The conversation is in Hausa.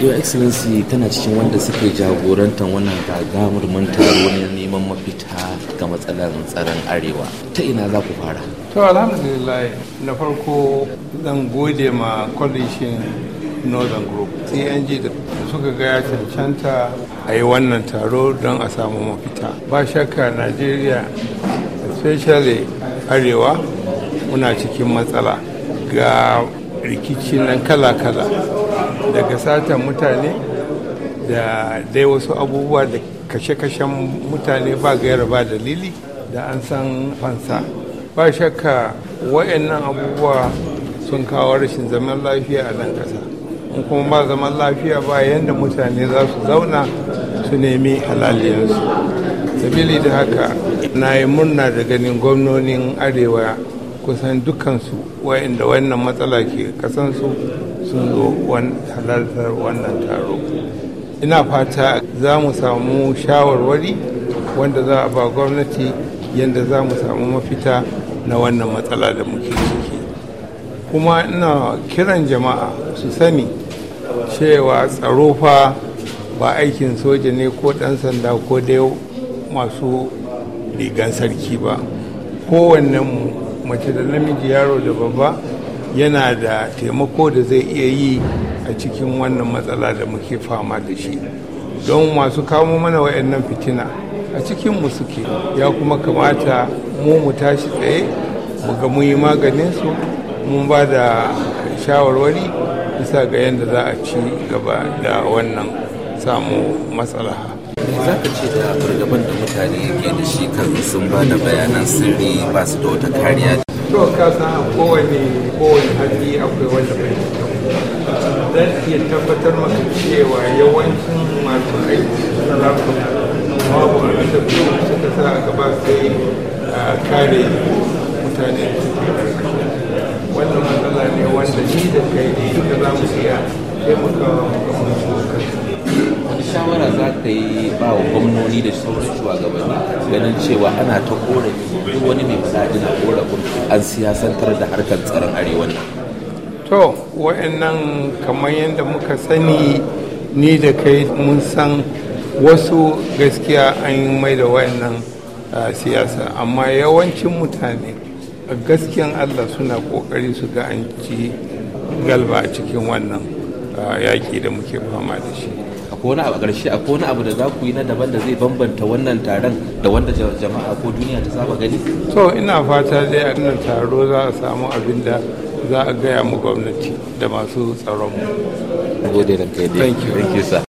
Your Excellency tana cikin wanda suke jagorantar wannan mun taro na neman mafita ga matsalar tsaron arewa. Ta ina za ku fara? To alhamdulillah na farko zan gode ma coalition Northern Group CNG da suka gaya cancanta a yi wannan taro don a samu mafita. Ba shakka Najeriya especially arewa muna cikin matsala ga rikici nan kala-kala daga satan mutane da dai wasu abubuwa da kashe-kashen mutane ba gaira ba dalili da an san fansa ba shakka wayannan abubuwa sun kawo rashin zaman lafiya a nan kasa kuma ba zaman lafiya ba yadda mutane za su zauna su nemi halaliyarsu sabili da haka na yi murna da ganin gwamnonin arewa kusan dukansu wayanda wannan matsala ke kasansu sun zo halartar wannan taro ina fata za mu samu shawarwari wanda za a ba gwamnati yadda za mu samu mafita na wannan matsala da muke ciki kuma ina kiran jama'a su sani cewa tsaro fa ba aikin soja ne ko ɗan sanda ko dai masu rigan sarki ba kowannen mu mace da namiji yaro da babba yana da taimako da zai iya yi a cikin wannan matsala da muke fama da shi don masu kamo mana wayannan fitina a cikin mu suke ya kuma kamata mu mu tashi tsaye mu ga mun yi maganin su mun ba da shawarwari bisa ga yadda za a ci gaba da wannan samu matsala me za ka ce da fargaban da mutane ke da shi kan sun ba da bayanan sirri ba su da wata kariya to ka san kowane kowane hali akwai wanda bai zan iya tabbatar maka cewa yawancin masu aiki na lafiya babu abin da kuma suka sa a gaba sai kare mutane da suke wannan matsala ne wanda ni da kai ne duka za mu iya taimakawa aka yi ba wa gwamnoni da sauran shugabanni ganin cewa ana ta korafi duk wani mai fadaji na korafin an siyasantar da harkar tsaron arewa to wa'annan kamar yadda muka sani ni da kai mun san wasu gaskiya an yi mai da wa'annan siyasa amma yawancin mutane a gaskiyan allah suna kokari su ga an ci galba a cikin wannan yaƙi da muke fama da shi akwai wani abu ƙarshe akwai wani abu da za ku yi na daban da zai bambanta wannan taron da wanda jama'a ko duniya ta saba gani to ina fata dai a nan taro za a samu abin da za a gaya mu gwamnati da masu tsaron mu thank you thank you sir